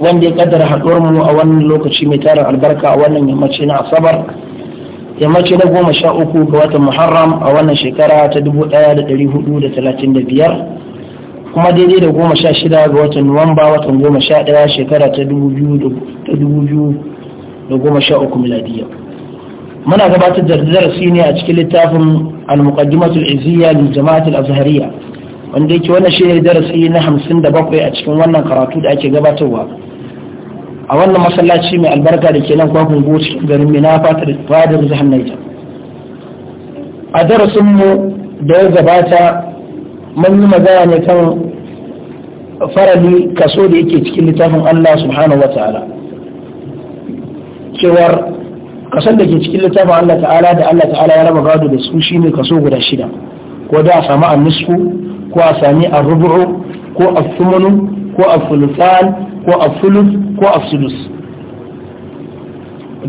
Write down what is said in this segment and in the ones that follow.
wanda ya kaddara haɗuwar mu a wannan lokaci mai tarin albarka a wannan yammaci na asabar yammaci na goma sha uku ga watan muharram a wannan shekara ta dubu ɗaya da ɗari hudu da talatin da biyar kuma daidai da goma sha shida ga watan nuwamba watan goma sha ɗaya shekara ta dubu biyu da goma sha uku miladiyya muna gabatar da darasi ne a cikin littafin al-muqaddimatul izziya lil jama'atul azhariyya wanda yake wannan shi ne darasi na hamsin da bakwai a cikin wannan karatu da ake gabatarwa a wannan masallaci mai albarka da ke nan kwakwun go garin mina fatar fadar jihar naija a darasinmu da ya gabata mun yi magana ne kan farali kaso da yake cikin littafin allah subhanahu wa ta'ala cewar kasan da ke cikin littafin allah ta'ala da allah ta'ala ya raba gado da su shine kaso guda shida ko da a samu annisku ko a sami a rubu'u ko a sumunu ko a sulusan ko a sulus ko a sulus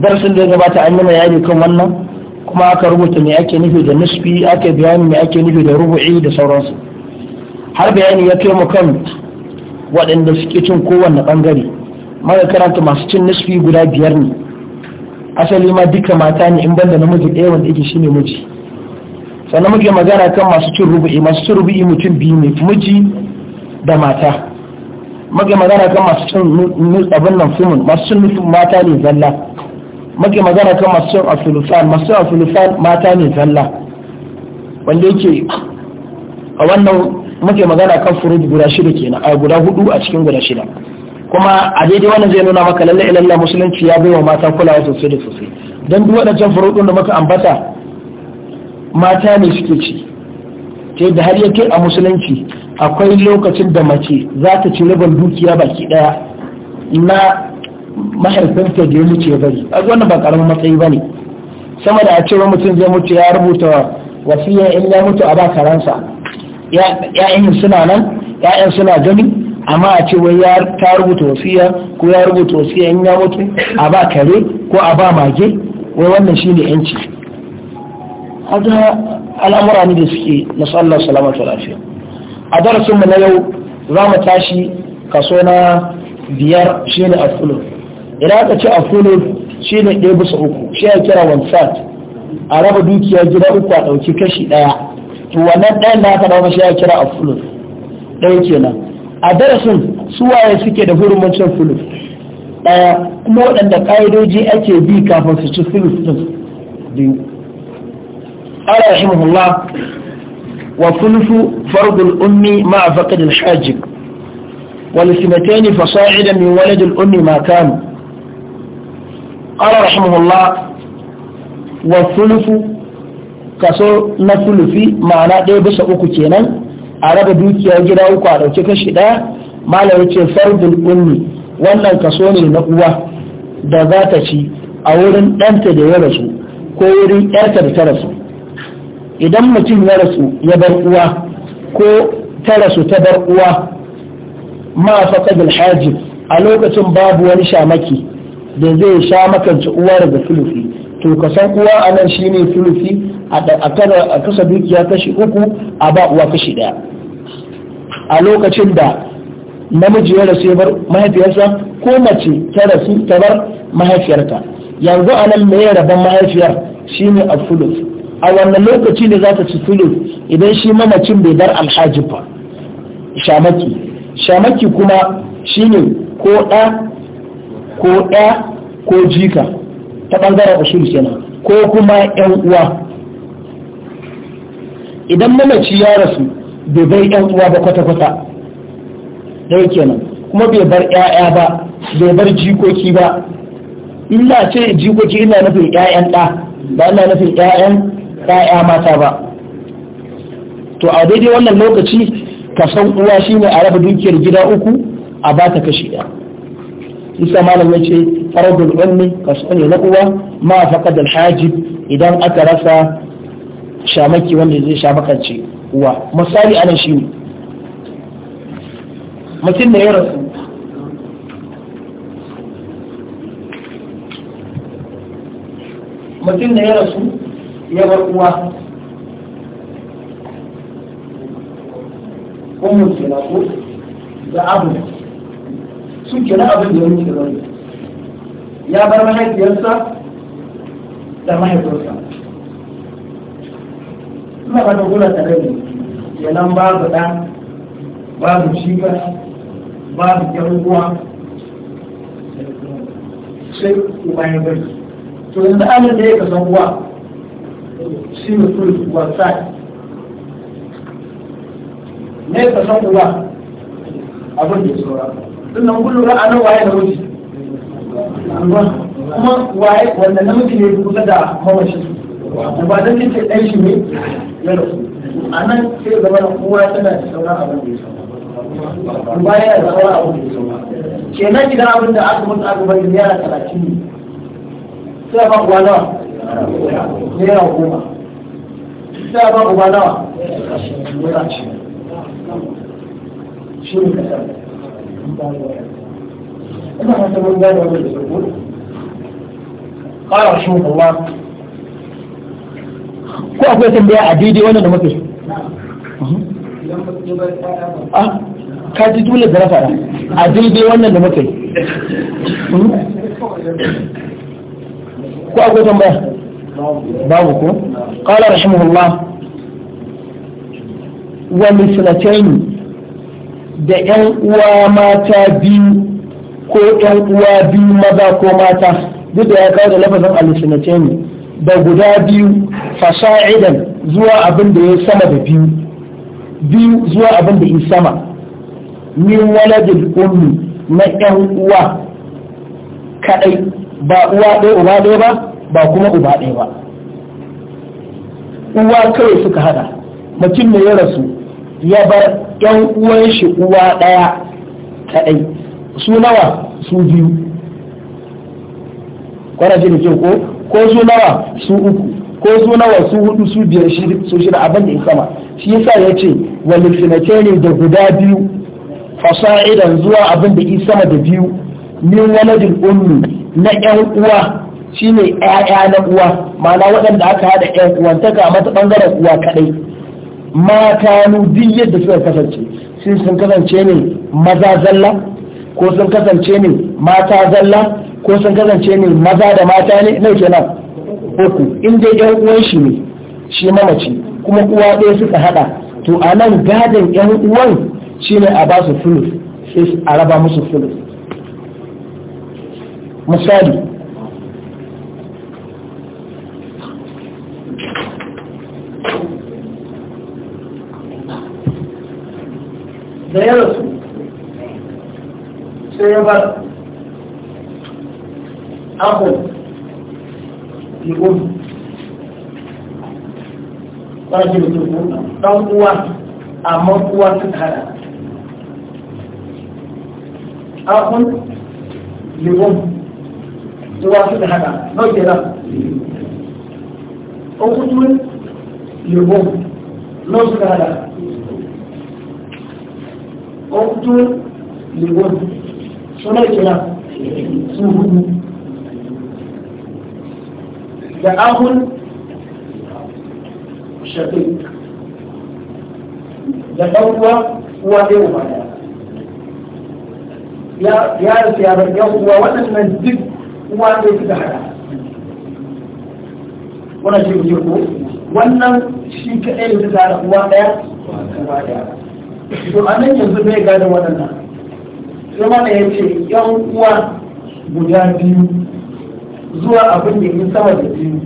darasin da ya gabata an yi bayani kan wannan kuma aka rubuta me ake nufi da nisfi aka bayani me ake nufi da rubu'i da sauransu har bayani ya kai mu kan waɗanda suke cin kowanne ɓangare mara karanta masu cin nisfi guda biyar ne asali ma duka mata ne in banda namiji ɗaya wanda yake shine miji sannan muke magana kan masu cin rubu'i masu cin rubu'i mutum biyu ne miji da mata muke magana kan masu cin abin nan fumin masu cin nufin mata ne zalla muke magana kan masu cin afilufan masu cin afilufan mata ne zalla wanda yake a wannan muke magana kan furud guda shida kenan a guda hudu a cikin guda shida kuma a daidai wannan zai nuna maka lalle ilalla musulunci ya bai wa mata kulawa sosai da sosai don duk waɗancan furudun da muka ambata mata ne suke ci ta da har yake a musulunci akwai lokacin da mace za ta ci rabin dukiya baki daya na ta da ya mutu bari a wannan ba karamin matsayi ba ne sama da a cewa mutum zai mutu ya rubuta wasiya in ya mutu a ba karansa ya'yan suna nan ya'yan suna gani amma a cewa ya ta rubuta wasiya ko ya rubuta wasiya in ya mutu a ba kare ko a ba mage wai wannan shine yanci haka al'amura ne da suke na sallar salamatu lafiya a darasin mu na yau za mu tashi kaso na biyar shine afulu idan aka ce shi ne ɗaya bisa uku shi ya kira one a raba dukiya gida uku a ɗauki kashi ɗaya to wannan ɗayan da aka dawo shi ya kira fulun ɗaya kenan a darasin su waye suke da hurumin cin ɗaya kuma waɗanda ƙa'idoji ake bi kafin su ci fulus ɗin biyu قال رحمه الله وثلث فرض الأم مع فقد الحاجب والثمتين فصاعدا من ولد الأم ما كان قال رحمه الله والثلث كسو نثلثي معنى دي بس أكو تينا عرب او أجرى أكو على تكشي دا ما لأتي فرض الامي وانا كسوني نقوة دا ذاتشي أولا أنت دي ورسو كوري أنت دي ترسو idan mutum ya rasu ya bar uwa ko ta rasu ta bar uwa ma faqadul hajib a lokacin babu wani shamaki da zai sha makanci uwa daga sulufi to ka san uwa anan shine sulufi a kasa dukiya kashi uku a ba uwa kashi daya a lokacin da namiji ya rasu ya bar mahaifiyarsa ko mace ta rasu ta bar mahaifiyarta yanzu anan mai rabon mahaifiyar shine a sulufi a wannan lokaci ne za ta ci tulu idan shi mamacin bai bar alhaji ba shamaki shamaki kuma ne ko ɗa ko ɗa ko jika ta ɓangaren usul kenan ko kuma yan uwa idan mamaci ya rasu bai bar yan uwa ba kwata-kwata ɗaya kenan kuma bai bar 'ya'ya ba bai bar jikoki ba illa ce jikoki ina nufin 'ya'yan ɗa ba ina nufin 'ya'yan ɗaya mata ba to a daidai wannan lokaci san uwa shine a raba dukiyar gida uku a ba ta kashi ɗaya isa malam ya ce faradul ummi kaso ne na uwa ma faqad al hajib idan aka rasa shamaki wanda zai shamakance uwa misali ana shi mutum ne ya rasu mutum da ya rasu ya bar uwa ummu kenan ko da abu su kenan abin da ya wuce wani ya bar mahaifiyarsa da mahaifinsa suna ba ta gula tare ne kenan babu ɗan babu shiga babu yan uwa sai uba ya bari to yanzu an da ya kasan uwa shi ne sulhu wasa ne ka san uwa abin da ya saura sannan kullum ra'anar waye da wuce kuma waye wanda namiji ne kusa da mamashin da ba zan ce ɗan shi ne ya rasu a nan sai zama na kowa tana da sauran abin da ya saura ba yana da sauran abin da ya saura kenan idan abin da aka mutu aka bari naira talatin ne sai ba kuwa nawa naira goma ba nawa shi ne kasar ina hasa mun shi akwai tambaya a daidai wannan da muke ah, ka ji dole da rafa a daidai wannan da muke hmm? ko akwai tambaya babu ko qala rahimahullah wa mislatayn da yan uwa mata biyu ko yan uwa biyu maza ko mata duk da ya kawo da lafazin da guda biyu fasa'idan zuwa abin da ya sama da biyu biyu zuwa abin da ya sama min waladil ummi na yan uwa kadai ba uwa ɗaya uba ɗaya ba ba kuma uba ɗaya ba uwa kawai suka hada mutum ne ya rasu ya bar yan uwan shi uwa ɗaya kaɗai su nawa su biyu kwanaci da kyau ko ko su nawa su uku ko su nawa su hudu su biyar su shida abin da sama shi yasa ya ce wani ne da guda biyu fasa'idan zuwa abin da sama da biyu min waladin ummi na yan uwa Shi ne ƴaƴa na uwa ma'ana waɗanda aka haɗa ƴan uwantaka mata ɓangaren uwa kaɗai mata nu duk yadda suka kasance sai sun kasance ne maza zalla ko sun kasance ne mata zalla ko sun kasance ne maza da mata ne nau kenan uku in dai ƴan uwan shi ne shi mamaci kuma uwa ɗaya suka haɗa to a nan gadon ƴan uwan shi ne a ba su fulus sai a raba musu fulus misali da ya rasu sai ya bar abu ligun ƙwararci da turku ɗan uwa amma uwa suka hada abu ligun uwa suka hada عقد لود شنو الكلام؟ سهود ده أخ شقيق ده أخوة وأخوة يا يا يا بني أخوة وأنا منزل وما أدري كده wannan shi ne ko wannan shi kaɗai da ta da uwa ɗaya uwa ɗaya to a nan yanzu bai gane waɗannan sai mana ya ce yan uwa guda biyu zuwa abin da ya sama da biyu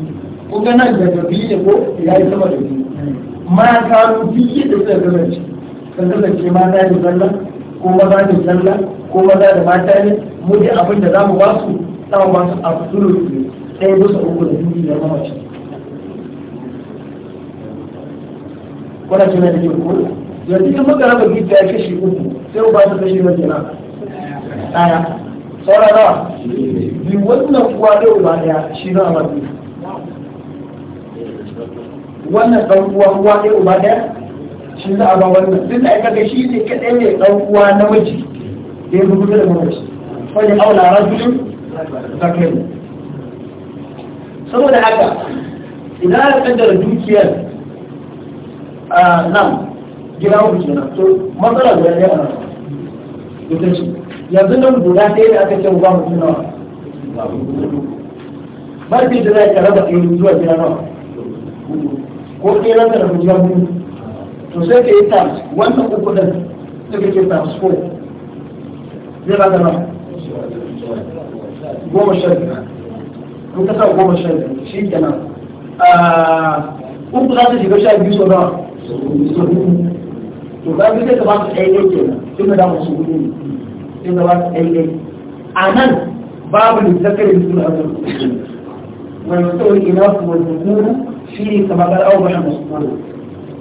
gana da da biyu ne ko ya yi sama da biyu mata biyu da suka kasance sun kasance mata ne zalla ko maza ne zalla ko maza da mata ne mu ji abin da za mu ba su za mu ba su absolute ne yi bisa uku da biyu da mamaci kuna kina da ke kula yanzu in muka raba gidda ya kashi uku sai uba su kashi na kenan daya saura bi wannan uwa da uba ɗaya shi na a wannan ɗan uwa uwa ɗaya uba ɗaya shi na a ba wannan duk da aka shi ne kadai ne ɗan uwa namiji da ya rubuta da mamaci wani aula rajulun zakaru saboda haka idan aka kaddara dukiyar a ah, nan gida uku kenan to matsala guda ɗaya ana ita ce yanzu nan guda ɗaya da aka ce ba mutum nawa barbi da za ka raba ɗaya zuwa gida nawa ko ɗaya za ka raba gida hudu to sai ka yi times wannan uku ɗin sai ka ce times ko, zai ba ka nawa goma sha biyar in ka sa goma sha biyar shi kenan ah, uku za ta shiga sha biyu sau nawa to ga bi ba su ɗaya ɗaya kenan tun da mu su hudu ne tun ba su ɗaya ɗaya a nan babu ne zakarin su a kan wani tsawon ina su wani zuru shi ne kama ga awa bayan masu tsoro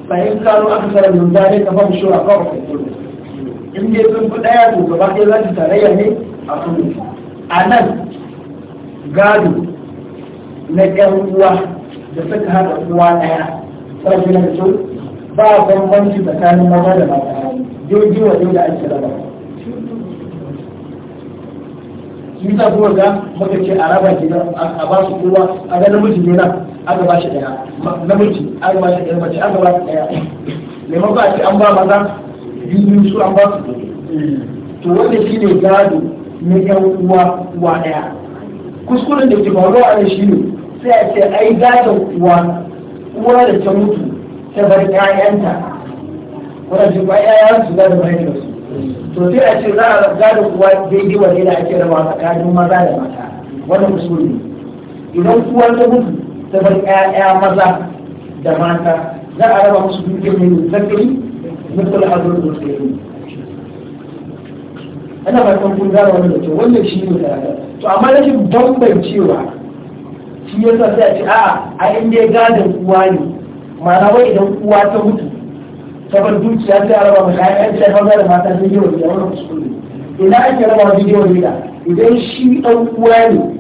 bayan kano aka tsara da zare ka ba mu shura ba ku in dai sun fi ɗaya to gaba ɗaya za su tarayya ne a kan a nan gado na ƴan uwa da suka haɗa uwa ɗaya ƙarfi na da ba bambanci tsakanin maza da mata jirgin waje da ake raba shi ta kuma ga maka ce a raba gidan a ba su kowa a ga namiji ne nan aka ba shi daya namiji aka ba shi daya mace aka ba shi daya maimakon a ce an ba maza biyu su an ba su to wanda shi ne gado na yan uwa uwa daya kuskuren da ke faruwa a shi ne sai a ce ai gadon uwa uwa da ta mutu ta bar ƴaƴanta wannan shi ba ƴaƴan su za ta da su to sai a ce za a gada kuwa daidai wani da ake raba tsakanin maza da mata wannan usuli idan kuwa ta mutu ta bar ƴaƴa maza da mata za a raba musu dukiyar mai zakari mutul hazur da zakari ana farkon kun gane wani da wannan shi ne karatu to amma rashin bambancewa shi yasa sai a ce a'a a inda gadon kuwa ne ma'ana wai idan uwa ta mutu ta bar dukiya sai a raba mai kayan yanci ya da mata sun yi wani yawon kuskure ina ake raba yi bidiyo da idan shi ɗan uwa ne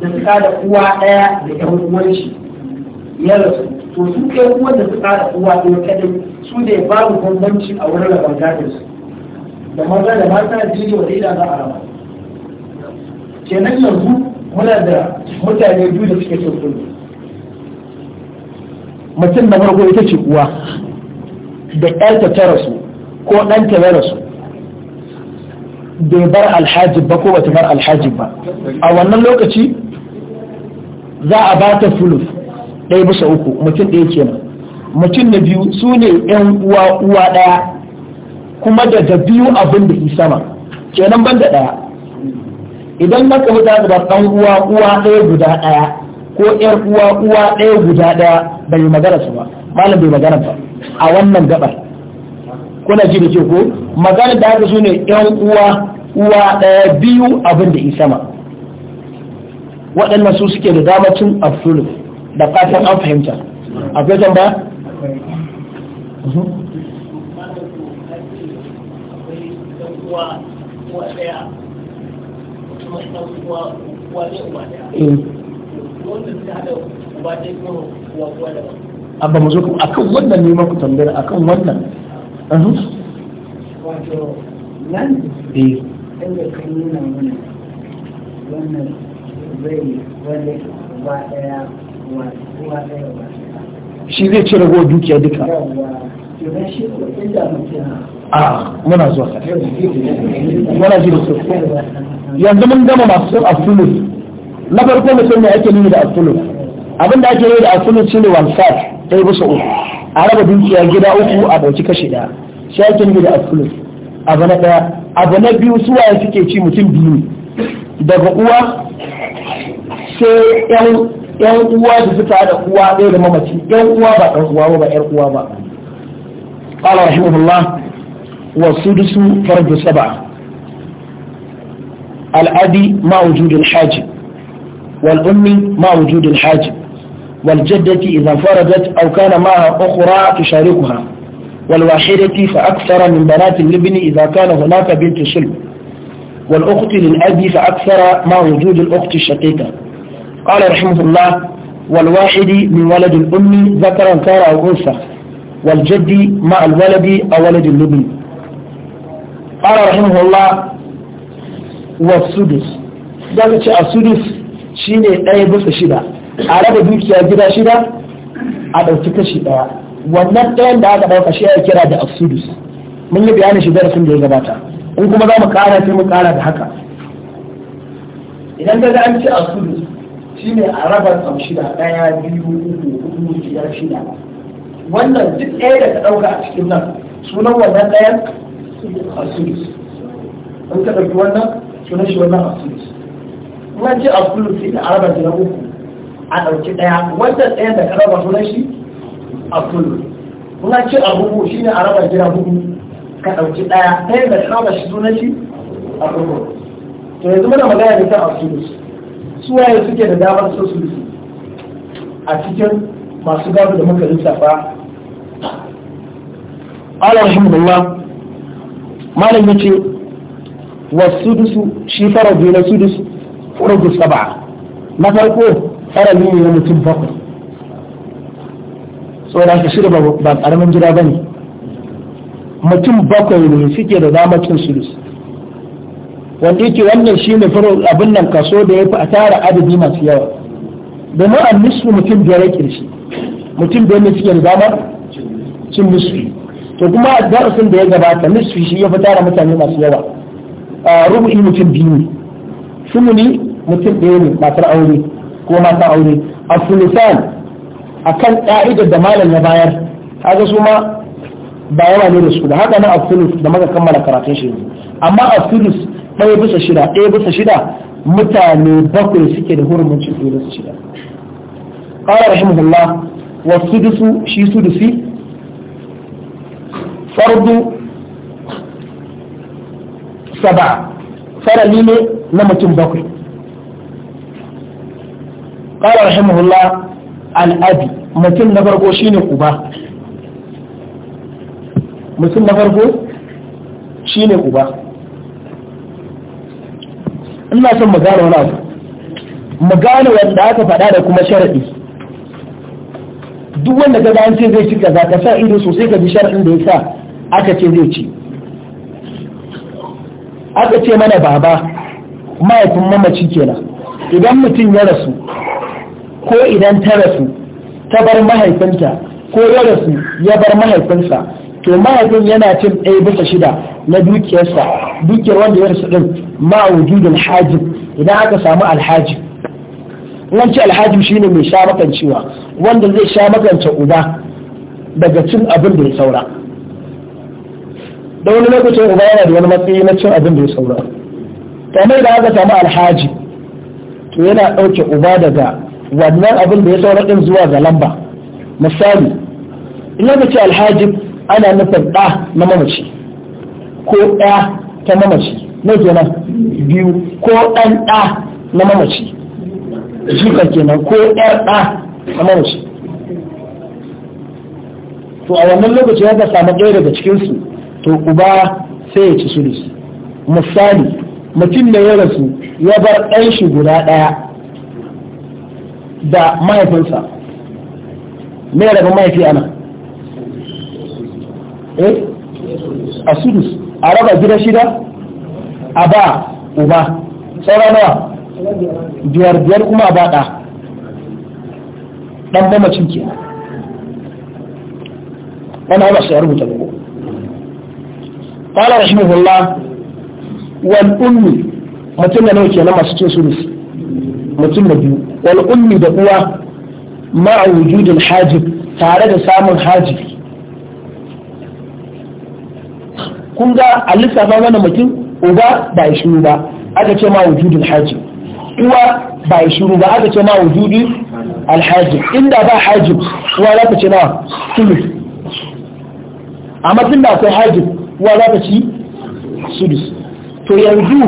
da suka da uwa ɗaya da ɗan uwan shi ya rasu to su ɗan uwan da suka da uwa ɗaya kaɗai su ne babu bambanci a wurin da gadon su da maza da mata bidiyo wa idan za a raba kenan yanzu muna da mutane biyu da suke sun kullum mutum na farko ita ce uwa da ƴarta ta rasu ko ɗanta ya rasu bai bar alhaji ba ko bata bar alhaji ba a wannan lokaci za a ba ta fuluf ɗaya bisa uku mutum ɗaya ke nan. mutum na biyu su ne uwa uwa ɗaya kuma daga biyu abin da ke sama kenan ban da ɗaya idan na kama ta ɗan uwa uwa ɗaya guda ɗaya ko yar uwa uwa ɗaya guda ɗaya bai magana su ba malam bai magana ba a wannan gabar kuna ji da ke ko magana da haka sune yan uwa uwa ɗaya biyu abin da ma waɗannan su suke da damacin absolu da fatan an fahimta A tamba ba abba mu zo ku a kan wannan ne maku tambayar a kan wannan eh. shi zai ci ragowar dukiya duka a muna zuwa muna ji da su yanzu mun gama masu sun a na farko mutum ne ake nuni da asulu abin da ake yi da asulu shine wansat ɗaya bisa uku a raba dukiya gida uku a ɗauki kashi ɗaya shi ake nuni da asulu abu na ɗaya abu na biyu su waye suke ci mutum biyu daga uwa sai yan yan uwa da suka da uwa ɗaya da mamaci yan uwa ba ɗan uwa ba yar uwa ba قال رحمه الله والسدس فرد سبعة الأبي مع وجود الحاجب والأم مع وجود الحاجب والجدة إذا انفردت أو كان معها أخرى تشاركها والواحدة فأكثر من بنات الابن إذا كان هناك بنت صلب والأخت للأب فأكثر مع وجود الأخت الشقيقة قال رحمه الله والواحد من ولد الأم ذكرا كان أو أنثى والجد مع الولد أو ولد الابن قال رحمه الله والسدس ذلك السدس Shi ne ɗaya bisa shida a raba dukiya gida shida a ɗauki kashi ɗaya wannan ɗayan da aka ɗauka shi ya kira da asudus, mun yi bayanin shi darasin da ya gabata in kuma za mu ƙara sai mu ƙara da haka idan ga an ce shi ne a raba sau shida ɗaya biyu uku huɗu biyar shida wannan duk ɗaya da ka ɗauka a cikin nan sunan wannan ɗayan asudus. in ka ɗauki wannan sunan shi wannan asudus. kuma ce a kullu fi da araba na uku a ɗauki ɗaya wannan ɗaya da karaba suna shi a kullu kuma ce a hudu shi ne araba gina hudu ka ɗauki ɗaya ɗaya da karaba shi suna shi a kullu to yanzu mana magana ne kan a kullu su waye suke da damar so su a cikin masu gado da muka lissafa قال رحمه الله ما لم يجي والسدس شفر بين سدس al sab'a na farko harami ne na mutum bakwai da ka shirya ba karamin gida ne, mutum bakwai ne suke da damacin sulus wanda yake wannan shi ne abin nan kaso da ya fi a tara adadi masu yawa domin an nisu mutum biyar ya kirshi mutum biyar ne suke da damar cin nisfi to kuma a darasin da ya gabata nisfi shi ya fi tara mutane masu yawa rubu'in mutum biyu ne sumuni mutum ɗaya ne matar aure ko mata aure a fulisan a kan ƙa'idar da malam ya bayar haka su ma ba yawa ne da su da haka nan a fulus da maka kammala karatun shi amma a fulus ɗaya bisa shida ɗaya bisa shida mutane bakwai suke da hurumin cin ɗaya bisa shida ƙara rahimahullah wa sudusu shi sudusi fardu saba farali ne na mutum bakwai قال رحمه الله abi mutum na farko shine uba mutum na farko shine uba ina son mu gane wani abu mu gane aka faɗa da kuma duk wanda ga an ce zai ci kaza ka sa ido sosai ka bi sharaɗin da ya sa aka ce zai ci aka ce mana baba mahaifin mamaci kenan idan mutum ya rasu ko idan ta rasu ta bar mahaifinta ko ya rasu ya bar mahaifinsa to mahaifin yana cin ɗaya bisa shida na dukiyarsa dukiyar wanda ya rasu ɗin ma wujudul alhaji idan aka samu alhaji wancan alhaji shi ne mai sha makancewa wanda zai sha makance uba daga cin abin da ya saura da wani lokacin uba yana da wani matsayi na cin abin da ya saura kamar da aka samu alhaji to yana ɗauke uba daga wannan abin da ya saura ɗin zuwa ga lamba misali ina da ce alhajib ana nufin ɗa na mamaci ko ɗa ta mamaci na kenan biyu ko ɗan ɗa na mamaci jika kenan ko ɗa ɗa na mamaci to a wannan lokacin ya samu ɗaya daga cikinsu to uba sai ya ci su misali mutum da ya rasu ya bar ɗan shi guda ɗaya da mahaifinsa me rabin mahaifi ana eh a sudus a raba gida shida a ba uba saura nawa biyar biyar kuma a ba ɗa ɗan mamacin ke wani haɓa sai rubuta ko ƙwalar rahimahullah wani ummi mutum da nauke na masu cin sudus mutum da biyu wal ummi da uwa ma a wujudin hajib tare da samun hajib. kun ga a lissafa mana mutum uba ba ya shiru ba aka ce ma wujudin hajib uwa ba ya shiru ba aka ce ma wujudin alhajib inda ba hajib uwa za ta ce na sulus amma tun da akwai hajib uwa za ta ci sulus to yanzu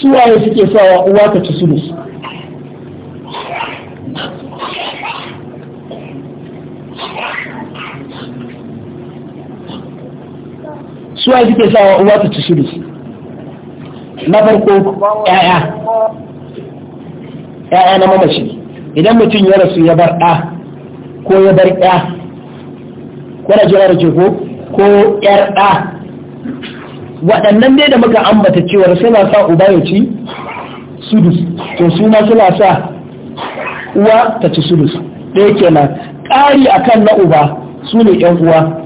suwaye suke sawa uwa ta ci sulus su suke sa sawa uwa ta ci shiru na farko ya'ya ya'ya na mamaci idan mutum ya rasu ya bar ɗa ko ya bar ɗa ko da jira da ko ko ƴar ɗa waɗannan dai da muka ambata cewar suna sa uba ya ci sudus to su suna sa uwa ta ci sudus ɗaya kenan ƙari akan na uba su ne ƴan uwa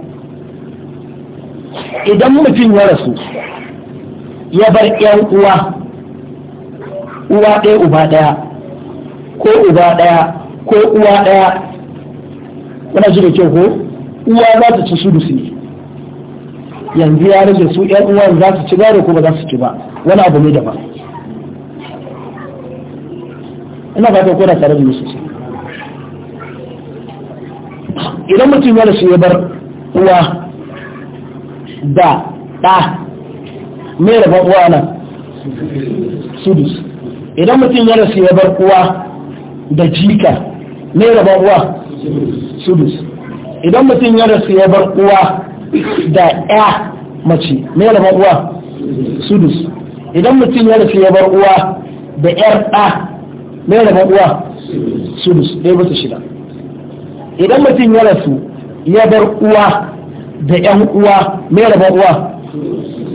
idan mutum ya rasu ya bar ‘yan uwa uwa ɗaya uba ɗaya ko uba ɗaya ko uwa ɗaya wana shi da kyau ko uwa za ta ci su yanzu ya rage su ‘yan uwa za su ci gado ko ba za su ci ba wani abu ne da ba ina ba ta koda tare da musu idan mutum ya rasu ya bar uwa da ɗa mai rabon uwa nan sudus idan mutum ya rasu ya bar uwa da jika mai rabon uwa sudus idan mutum ya rasu ya bar uwa da ya mace mai rabon uwa sudus idan mutum ya rasu ya bar uwa da yar ɗa mai rabon uwa sudus ɗaya bisa shida idan mutum ya rasu ya bar uwa da yan uwa mai rabon uwa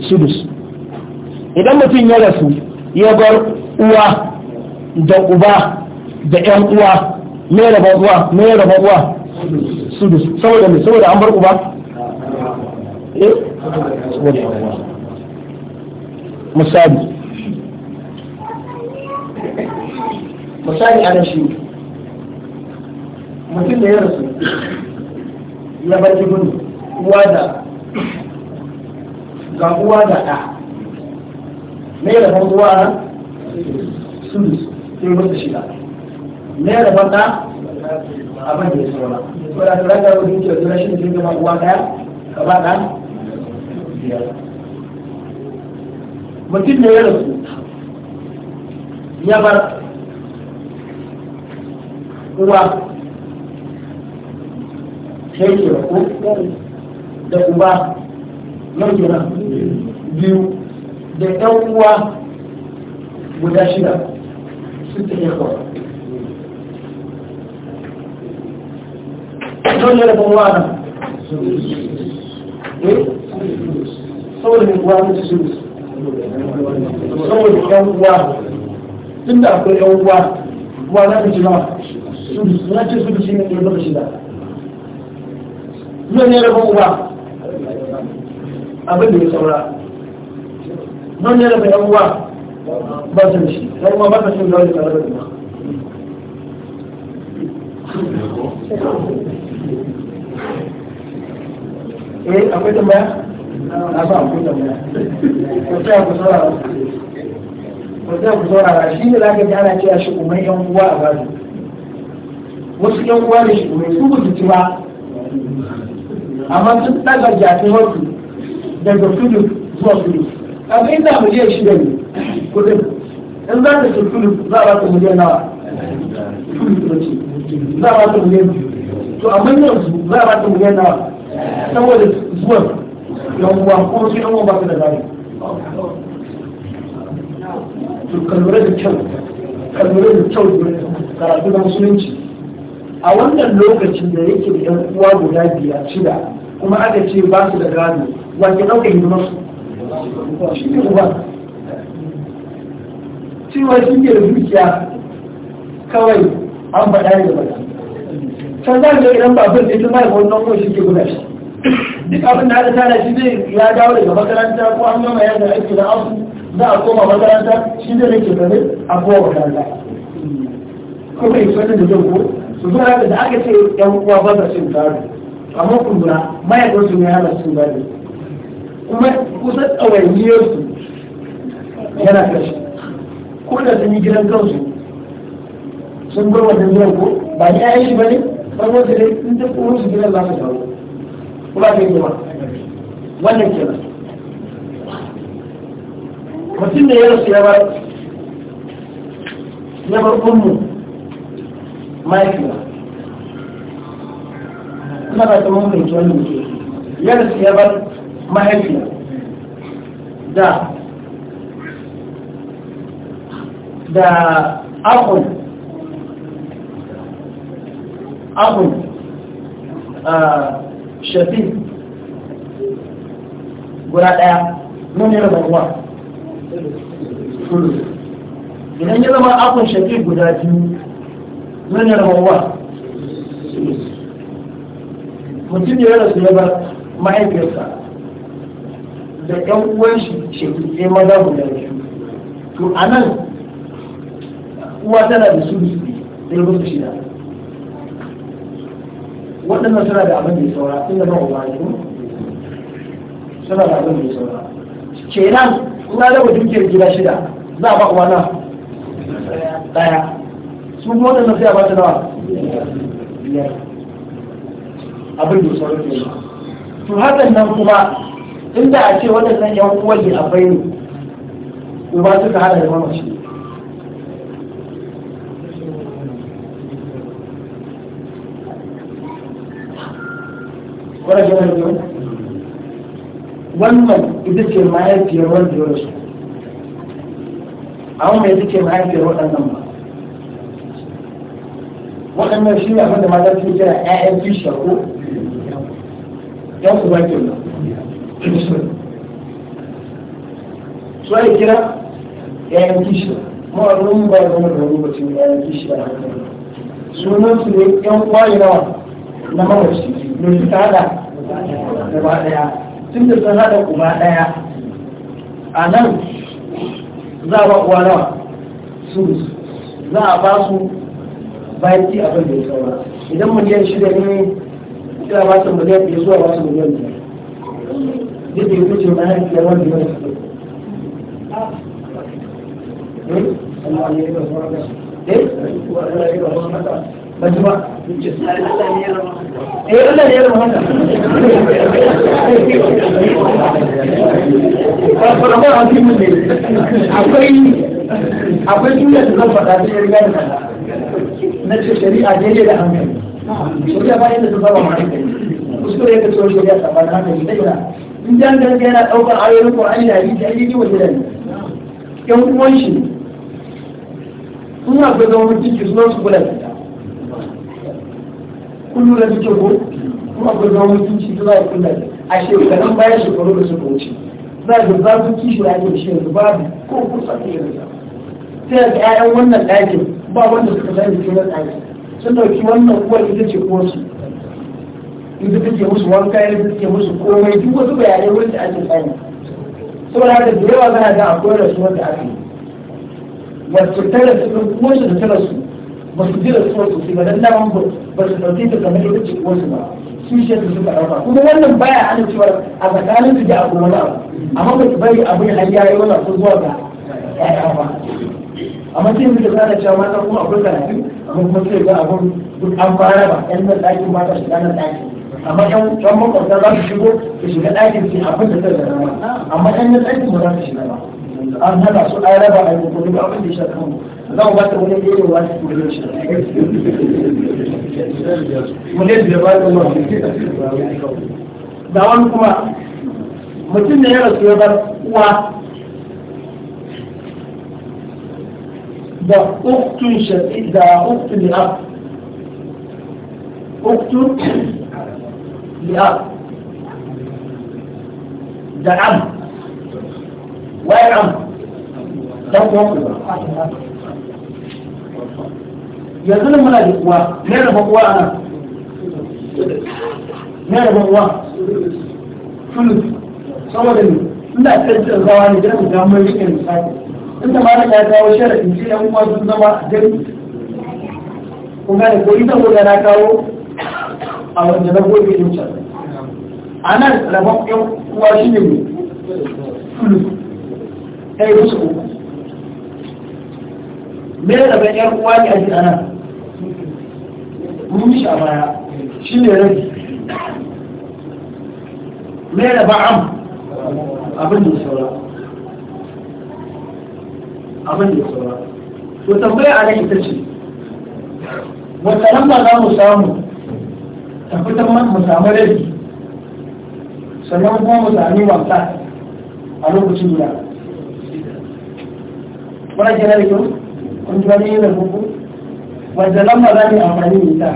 sudus idan mutum ya rasu ya bar uwa da uba da yan uwa mai rabon uwa mai rabon uwa sudus saboda mai saboda an bar uba eh? misali misali ana shi mutum da ya rasu ya bar jibin uwa da ga uwa da ɗa me da ban uwa nan sudus sai wata shida me da ban ɗa abin da ya saura to da tura ga wani ke tura shi ne sai gama uwa ɗaya ka ba ɗa mutum ne ya rasu ya bar uwa sai ko da uba nan biyu da ɗan uwa guda shida yi don yana uwa eh? su saboda ɗan uwa tun da akwai uwa uwa na ta nawa su na ce su shi ne ɗaya baka shida ne rabon uwa abin da ya saura man yana da yan uwa ba su da shi yan uwa ba ta shi da wani da kuma eh akwai na ba akwai ko sai ku saurara ko sai shi ne da ji ana cewa shi kuma yan uwa a bazu wasu yan uwa ne shi kuma su ba su ci ba amma sun daga jafin daga tudu zuwa tudu kaga inda miliyan shida ne kudin in za ta tudu za a ba ta miliyan nawa tudu ta ce za a ba ta miliyan to amma yanzu za a ba ta miliyan nawa saboda zuwan yan uwa kuma sai yan uwa ba su da zaɓi to ka lura da kyau ka lura da kyau karatu na musulunci a wannan lokacin da yake da yan uwa guda biyar shida kuma aka ce ba su da gado nau'in wake ɗauka hidimar su uba cewa shi ke da zuciya? kawai an faɗa ne ba. faɗa can za ga idan babur da ita mai wannan ko shi ke guda shi duk abin da aka tara shi zai ya dawo daga makaranta ko an gama yadda aiki da asu za a koma makaranta shi zai rike gare a kowa makaranta ko bai sanin da zai ko su zuwa da aka ce yan uwa ba sa cin gado amma kun lura mahaifin su ne hana cin gado kuma kusa tsawainiyarsu yana kashi ko da sun yi gidan kansu sun bar wannan zuwa ko ba ni ayan shi ba ne farko dai in ta kuma su gidan za su samu ko ba ta yi ba wannan kenan mutum da ya rasu ya bar ya bar ummu mahaifiya kuma ba ta mun fahimci mutum ya rasu ya ba. mahaifiya da da akun akun ah, shafi guda ɗaya mun yi rabar uwa idan yi zama akun shafi guda biyu mun yi rabar uwa mutum ya rasu yabar mahaifiyarsa da yan uwan shi shekike maza guda biyu to a nan uwa tana da su ne sai rufe shida waɗannan suna da abin da ya saura inda ba uba ne suna da abin da ya saura kenan kuma da dukiyar gida shida za a ba uwa na ɗaya su kuma waɗannan sai a ba su nawa biyar abin da ya saura ke nan to hakan nan kuma inda a ce waɗannan yan uwan ne akwai ne uba suka hada da mamaci wannan ita ce mahaifiyar wanda da rasu a wanda ita ce mahaifiyar waɗannan ba waɗannan shi ne abinda mata suke kira 'ya'yan kishiyar ko 'yan uba kenan suwa ake kira yayan kishi ma a rumun ba da wani rauni ba cikin yayan kishi a hankali sunan su ne yan kwayewa na mamaci mai fita da gaba daya tun da sun hada uba daya a nan za a ba uwa nawa su za a ba su bayan ki abin da ya saura idan miliyan shida ne ita ba su miliyan biyar zuwa ba su miliyan biyar ये देखो छोटा है केवल जीवन बचवा akwai akwai duniya da zan faɗa ta yarda da na ce shari'a daidai da hankali shari'a bayan da ta zama hankali kuskure ya ka so shari'a tsakanin hankali da ina in jan yana ɗaukar ayoyin Qur'ani da hadisi ai wajen ne yan uwan shi ga zama mutunci suna da ta kullu da suke ko kuma ga zama mutunci suna su kula da a bayan suka wuce ga za su kishi da ake shi yanzu babu ko da yanzu 'ya'yan wannan ɗakin ba wanda suka sani ɗauki wannan uwar ita ce ko su inda take musu wanka inda take musu komai duk wasu bayanai wurin da ake samu saboda haka da yawa kana ga akwai rasuwar wanda aka yi wacce su rasu kuma su da ta rasu ba su ji rasuwar sosai ba dan dama ba su ɗauke ta kamar yadda ce uwarsu ba su shi su suka ɗauka kuma wannan baya ana cewa a tsakanin su da abu wani abu amma ba su bari abin har yayi wani abu zuwa ga ƴaƴa ba amma sai da zaka cewa mata kuma akwai karatu amma kuma sai ga abun duk an fara ba ƴan nan ɗakin mata shiga nan ɗakin amma ɗan ɗan makwabta za su shigo su shiga ɗakin su abin da ta da rama amma ɗan na ɗakin ba za su shiga ba an hana su an raba a yanzu kuma abin da ya shafi mu za mu bata wani ɗaya wa su kuma yau shi mu ne da ba da wani da wani kuma mutum da ya rasu ya bar uwa da uktun shafi da uktun ab uktun الارض ده العم وين العم ده هو يظل المنادق ومين هو انا مين هو ثلث saboda ne ina kan cin rawa ne dan da mun rike misali inda ma na kawo sharadi sai yan uwa sun zama gari kuma da koyi saboda na kawo a wanda na a uwa shi ne ɗaya bisa uku me uwa ne a a nan mun shi a baya shi ne rabi me rabon am abin da da saura to tambaya a ita ce wata lamba za mu samu ta man mu samu laifi sannan kuma mu sami wasa a lokacin guda wani kira da kyau kun ji wani da kuku wadda lamba za ni amfani da ita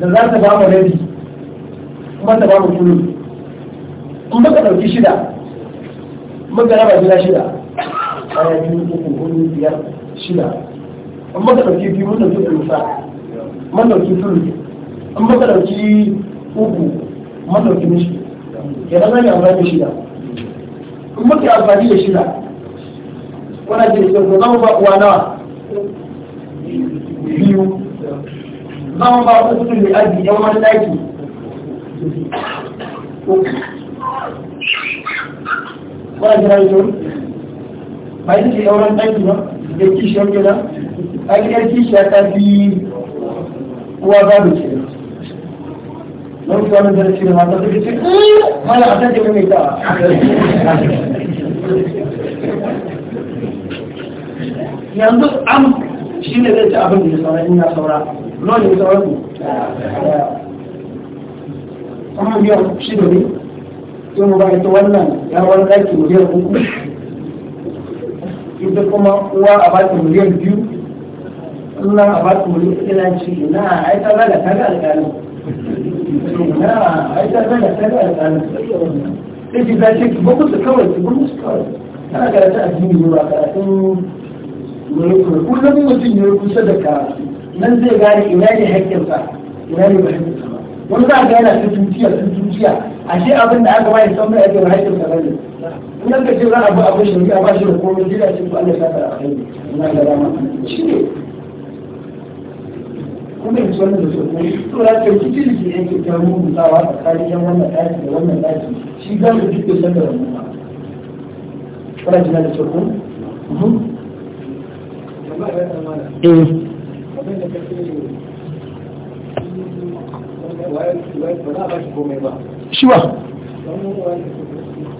da za ta ba mu rabi kuma ta ba mu kulu in baka ɗauki shida muka raba gida shida ɗaya biyu uku hudu biyar shida in baka ɗauki biyu mun ɗauki ɗauki mun ɗauki tulu ba ta ɗauki uku mun ɗauki mishi kenan zan yi amfani da shida in muka yi amfani da shida kuna ke da ko zama ba uwa nawa biyu zama ba uku ne aji yan wani ɗaki Wani jira da tori ba yi ce yan wani ɗaki ba da kishiyar gida a gidan kishiyar ta fi uwa babu ce wani kuwa nan zarafi da mata suka ce eh, mana a mai ta yanzu shi ne zai ci abin da ya saura in ya saura ya saura amma shi da ne sai mu wannan ya wani ɗaki miliyan uku ita kuma uwa a bata miliyan biyu a miliyan ta zaga ta alƙalin لا ta بلا سبعة أنا تجي بقى شكل بقص كوي بقص كوي أنا a أهديني ولا قاعد mulkin kullum mutum ya kusa da ka nan zai gane ina ne hakkinsa ina ne ba hakkinsa ba wani za a gane ta tuciya ta tuciya ashe abin da aka bayan san mai a ba hakkinsa ba ne in ka ce za a bi abin a ba shi da komai jira ce ko Allah da sa ta alheri ina da dama shi ne kuma son da to da ke cikin shi ne ke ta yan wannan da wannan shi mu duk da ba jina da mhm. eh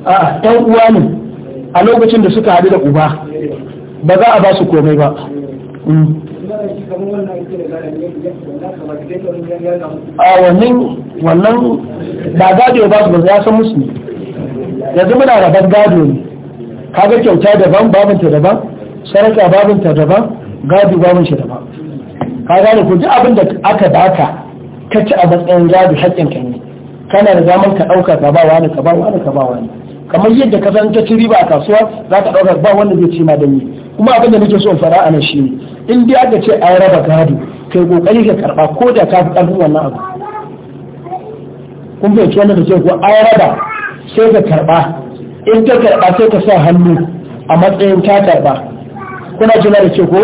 a ɗan ah, uwa ne a lokacin da suka haɗu da uba ba za a ba su komai ba mm. a wannan wannan ba gado ba su ya san musu ne yanzu muna rabar gado ne kaga kyauta daban babinta daban saraka babinta daban gado babin shi daban ka gane ku ji abin da aka baka ka ci a matsayin gado haƙƙin ka ne kana da zaman ka ɗauka ka ba wani ka ba wani ka ba wani kamar yadda ka san ta ci riba a kasuwa za ka ɗauka ba wanda zai ci ma da ni kuma abin da nake so in fara anan shi in dai aka ce ai raba gado kai kokari ka karba ko da ka fi karfin wannan abu kun fahimci wannan da ce ko ai raba sai ka karba in ka karba sai ka sa hannu a matsayin ta karba kuna jina da ce ko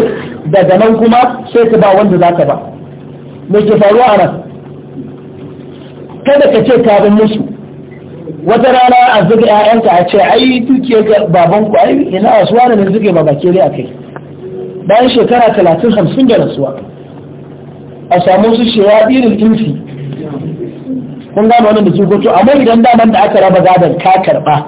daga nan kuma sai ka ba wanda za ka ba me ke faruwa a nan kada ka ce ka bin musu wata rana a zuga ƴaƴanka a ce ai duke ga baban ku ai ina suwa da ne zuge ba bake dai kai bayan shekara talatin hamsin da rasuwa a samu su cewa irin insi kun gano wani da ke amma idan daman da aka raba gadon ka karba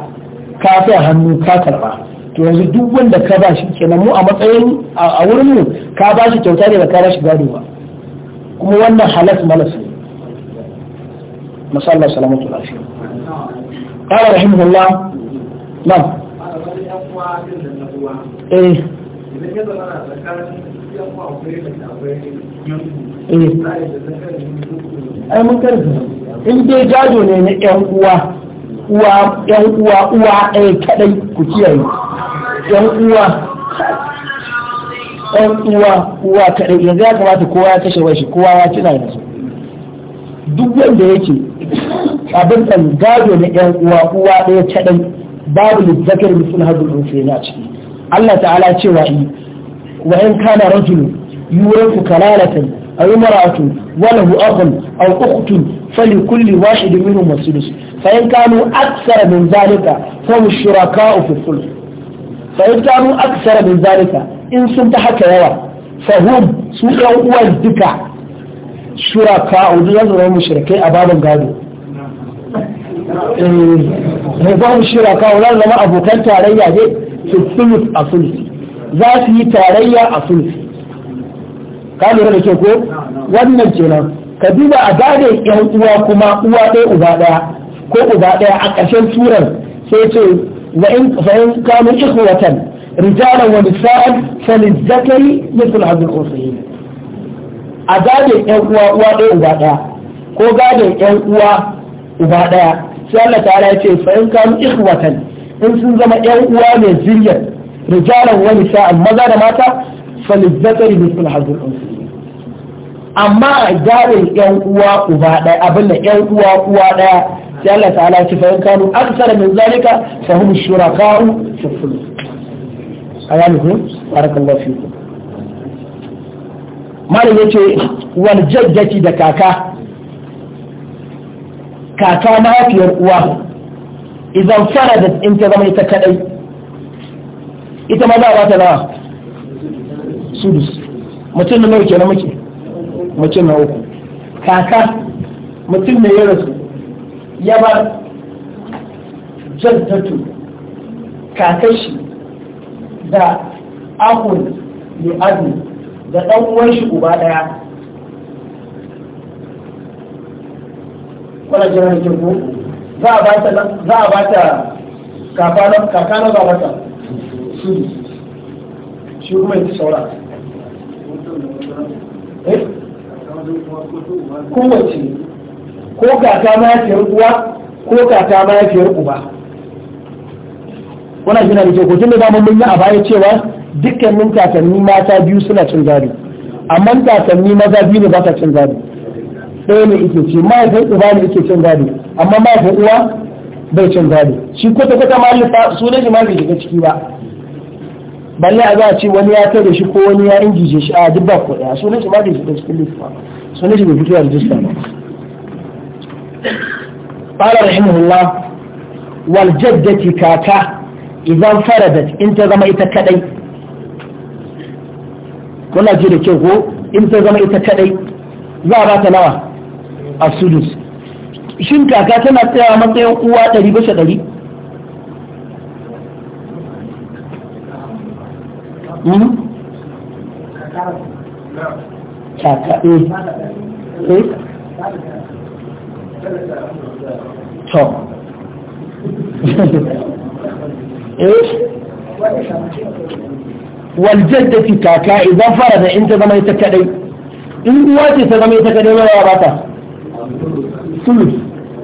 ka fi hannu ka karba to yanzu duk wanda ka ba shi kenan mu a matsayin a wurin mu ka ba shi kyauta ne da ka ba shi gado ba kuma wannan halas malas ne masallar salamatu lafiya qala rahimahullah na'am eh ai mun in dai jajo ne na yan uwa uwa ƴan uwa uwa ɗaya kadai ku kiyaye ƴan uwa ƴan uwa uwa kadai yanzu ya kamata kowa ya kashe washi kowa ya tuna yanzu duk wanda yake abin kan gado na yan uwa uwa ɗaya caɗan babu lizzakar musul hadul rufe na ciki Allah ta'ala cewa yi wa in kana rajulu yurafu kalalatan أو امرأة وله أخ أو أخت فلكل واحد منهم الثلث فإن كانوا أكثر من ذلك فهم الشركاء في الثلث فإن كانوا أكثر من ذلك إن سمت حتى يوا فهم سوء أول ذكاء shuraka a wajen yanzu zama mushrikai a babin gado ne eh, eh, ba mu shuraka a wajen zama abokan tarayya ne su sulus a sulus za su yi tarayya a sulus ka lura da ke ko wannan kenan ka duba a gane yan uwa kuma uwa ɗaya uba ɗaya ko uba ɗaya a ƙarshen turan sai ce wa in fa'in kanu ikhwatan rijalan wa nisa'an falizakari mithlu hadhihi al-usayn a gadin ƴan uwa uwa ɗaya uba ɗaya ko gadin ƴan uwa uba ɗaya sai Allah ta'ala ya ce fa in mu ikhwatan in sun zama ƴan uwa ne ziryar rijalan wani sa'an maza da mata falizzakari bisul hazul unsi amma a ƴan uwa uba ɗaya abin da yan uwa uwa ɗaya sai Allah ta'ala ce fa in mu aksara min zalika fa hum shuraka'u fi fulk ayani ku barakallahu fikum malam ya ce wal jaddati da kaka kaka mahaifiyar uwa idan fara da in ta zama ita kadai ita ma za a bata nawa sudus mutum na nawa na muke mutum na uku kaka mutum na yi rasu ya ba jaddatu kakashi da akwai ne azmi da ɗan uwan shi uba ɗaya kuna jiran jin ku za a ba ta za a ba ta kaka na ba mata su shi kuma yi saura eh? kowace ko kaka yake uwa ko kaka yake uba kuna jiran jin ku tun da zamun mun yi a baya cewa dukkanin kakanni mata biyu suna cin gado amma kakanni maza biyu ne ba ta cin gado ɗaya ne ita ce mahaifin uba ne ike cin gado amma mahaifin uwa bai cin gado shi kwata kwata mallifa su ne shi ma bai shiga ciki ba balle a za a ce wani ya kai da shi ko wani ya ingije shi a duk ba ko ɗaya su ne shi ma bai shiga cikin lissafa su ne shi bai fito da rijista ba قال رحمه الله والجدة كاكا إذا انفردت انت ita kadai. kuna ji da kyau ko in ta zama ita kadai za a ba ta nawa a sudus shin kaka tana tsaya matsayin uwa ɗari bisa ɗari hmm? kaka eh, eh? to eh wal jaddati kaka idan farada in ta zama kadai in uwa ce zama ita kadai nawa ba ta sulus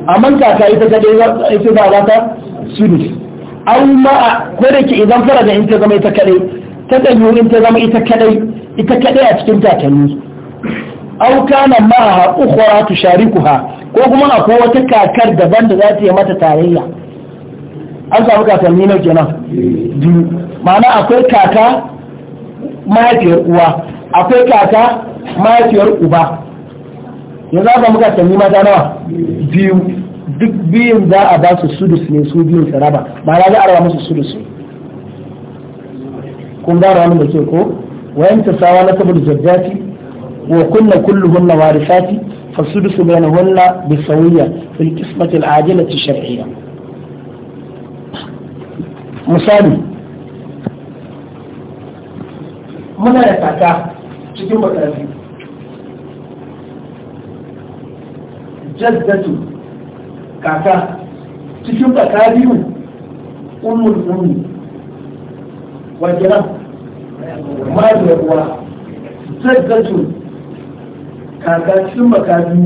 amma kaka ita kadai ita za ba ta sulus aw da ke idan farada in ta zama ita kadai zama ita kadai a cikin kakanni aw kana ma'aha ukhra tusharikuha ko kuma akwai wata kakar daban da za ta yi mata tarayya an samu kakanni na kenan eh. biyu ma'ana akwai kaka mahaifiyar uwa akwai kaka mahaifiyar uba yanzu za muka sami mata nawa biyu duk biyun za a ba su sudus ne su biyun saraba raba ba za a raba musu sudus ne kun gano wani da ke ko wayan ta sawa na saboda jaddati wa kunna kullu hunna warisati fa sudus hunna bi sawiyya fil qismati al ajilati shar'iyya misali muna da taka cikin bakarfi jaddatu kaka cikin baka umul ummi wajira majiyar uwa jaddatu kaka cikin bakarfi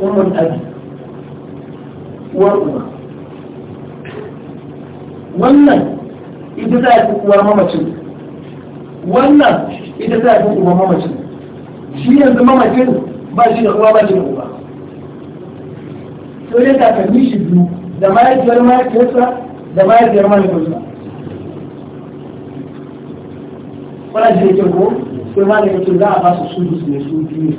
umul abi uwar uwa wannan ita za a fi uwar mamacin wannan ita ta fi kuma mamacin shi yanzu mamacin ba shi da kuma ba shi da uba to dai kakanni shi biyu da mahaifiyar mahaifiyarsa da mahaifiyar mahaifiyarsa wannan shi ne ke ko sai ma da yake za a ba su su ne su biyu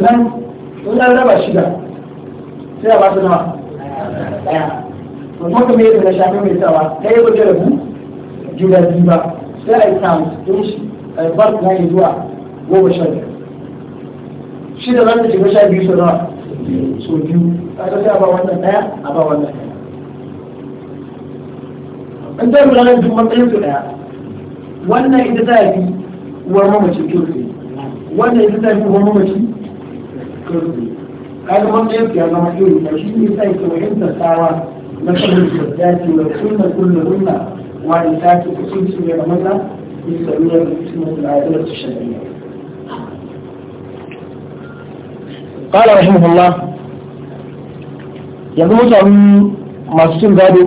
nan in an raba shida sai a ba su nawa ɗaya kuma kuma yadda da shafi mai tsawa na yi wajen rabu gida biyu ba sai a yi samu don shi a yi bar na yi zuwa goma sha biyar shi da zan shiga sha biyu sau nawa sau biyu kaga sai a ba wannan ɗaya a ba wannan ɗaya in ta yi ranar duk matsayin su ɗaya wannan ita ta yi uwar mamacin kirki wannan ita ta yi uwar mamacin kirki kaga matsayin su ya zama iri da shi ne sai ke wajen tattawa مثل الزوجات والسنة كلهن وعلى الخمس من المرأة يسميها بالاسم العادلة الشرعية. قال رحمه الله yanzu mutane masu cin gado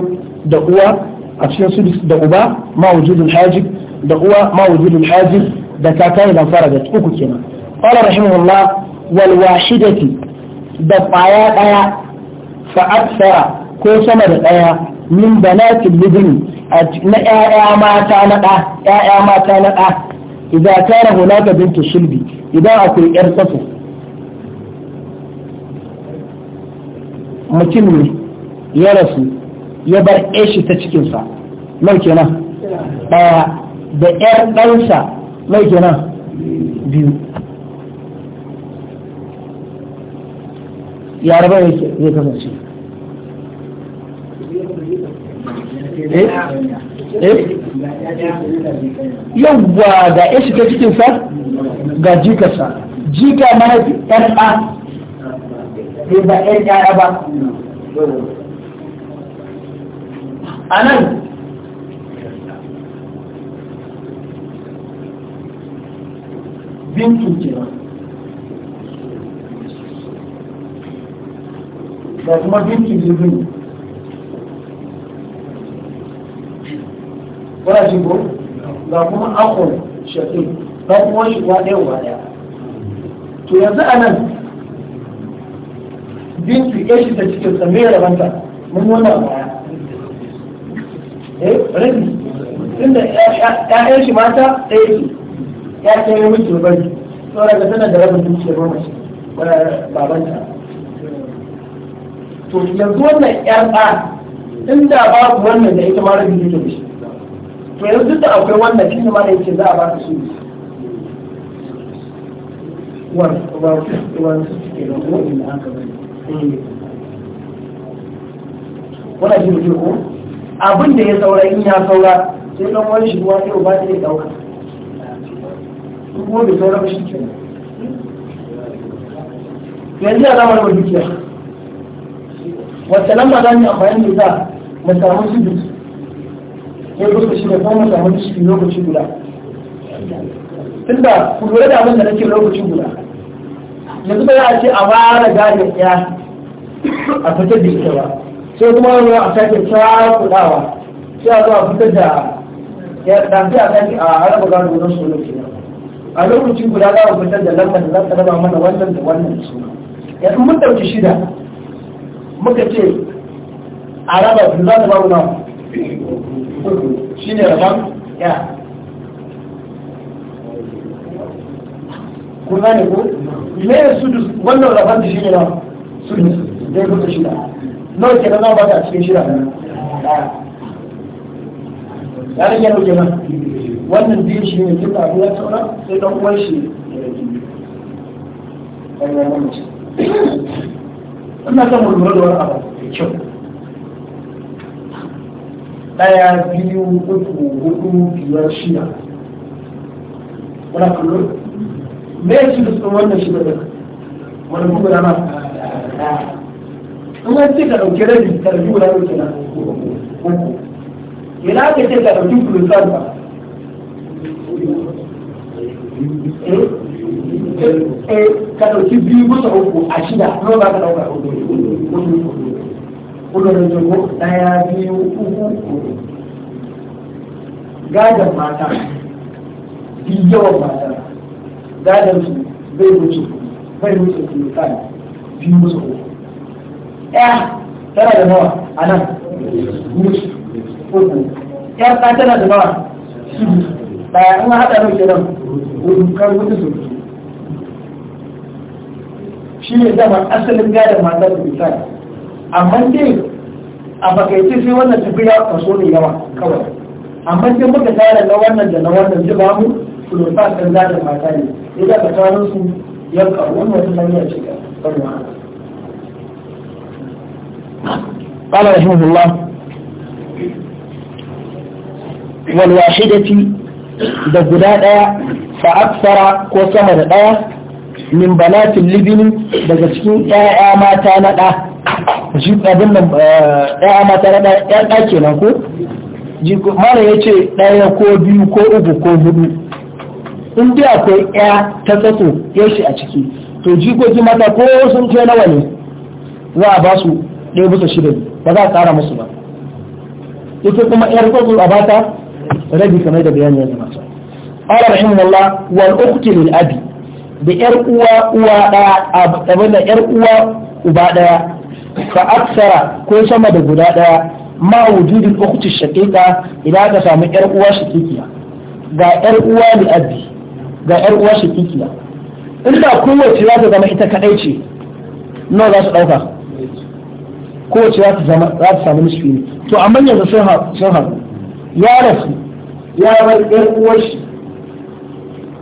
da uwa a cikin su da uba ma wujudul hajib da uwa ma wujudul hajib da kakai da fara da uku kenan qala rahimahullah wal wahidati da qaya daya fa aksara ko sama da ɗaya min banatil libni na ƴaƴa mata na ɗa ƴaƴa mata na ɗa idan hula ga binta shilbi idan akwai ƴar tsafo mutum ne ya rasu ya bar shi ta cikinsa mai kenan ɗaya da ƴar ɗansa mai kenan biyu ya raba zai kasance Eh? eh yawwa ga ya shiga cikin sa ga jikarsa jika mahaifi ɗan ɗa sai eh, ba ɗan ɗaya ba a nan bintu kenan da kuma bintu jirgin kuna ji ko ga kuma akon shafi ba kuma shi wa ɗaya wa ɗaya to yanzu a nan bintu ya shi da cikin sa mai rabanta mun nuna baya eh rabi tunda ƴaƴan shi mata ɗaya ce ya ce ya miji bari saboda ga tana da rabin dukiyar mamaci babanta to yanzu wannan ƴar ɗa inda babu wannan da ita ma rabin dukiyar shi to yanzu duk da akwai wannan shi ne ma da yake za a ba su su wani shi ne ko abin da ya saura in ya saura sai ɗan wani shi ruwa yau ba ta yi ɗauka kuma bai saura ba shi ke yanzu ya zama da dukiya wacce lamba za mu amfani da za mu samu su jiki. sai kusa shi da kuma samun cikin lokaci guda tunda ku lura da abin da nake lokaci guda yanzu ba za a ce a fara gane ya a fitar da ita ba sai kuma wani a sake cakudawa sai a zo a fitar da ya ɗanfi a sake a haraba gano wurin solo ke a lokacin guda za a fitar da lambar da za ta raba mana wannan da wannan suna yanzu mun ɗauki shida muka ce a raba biyu za ta ba mu nawa uku shi ne rabon ya kun gane ko me ya sudus wannan rabon da shi ne rabon sudus da ya kuka shida nawa kenan za ba ta cikin shida ya rage nau kenan wannan biyu shi ne duk abu ya saura sai dan uwan shi ya rage ina son mu lura da wani abu da kyau daya biyu uku hudu biyar shida wani kullum me ya ci da tsohon wannan shida da wani kuma da ma kuma ce ka ɗauki rabi ka ɗauki wani rabi kenan uku ina aka ce ka ɗauki kulisan ba eh, eh, ka ɗauki biyu kusa uku a shida kuma ba ka dauka uku kuka da ko ɗaya biyu uku uku gadon mata bi yawan mata gadon su bai wuce bai wuce kuma kai biyu musu uku ɗaya tana da nawa a nan wuce uku ɗaya ta tana da nawa su ɗaya in haɗa nan kenan wuce kan wuce su shi ne zama asalin gadon mata su misali amma dai a bakaice sai wannan tafiya a kaso ne yawa kawai amma dai muka tara na wannan da na wannan ji ba mu sulufa kan da mata ne ya da tsakanin su ya karu wannan wata hanya ce ga wannan قال رحمه الله والواحدة da guda ɗaya fa'aksara ko sama da ɗaya min banatin libini daga cikin ‘ya'ya mata na shi abin nan eh, ɗaya mata na ɗaya kenan ko mara ya ce ɗaya ko biyu ko uku ko hudu in dai akwai ɗaya ta tsato ya shi a ciki to jikoki mata ko sun kai nawa ne za a ba su ɗaya bisa shida ba za a tsara musu ba ita kuma ƴar tsato a bata rabi kamar da bayani ya gabata qala rahimahullah wal ukhti lil abi da ƴar uwa uwa ɗaya abin da ƴar uwa uba ɗaya fa aksara ko sama da guda daya ma wujudin ukhti shaqiqa idan aka samu yar uwa shaqiqiya ga ƴar uwa li abi ga ƴar uwa shaqiqiya inda kowace za ta zama ita kadai ce nawa za su dauka kowace za ta zama za ta samu nisfi ne to amma yanzu sun sun haɗu ya rasu ya bar ƴar uwar shi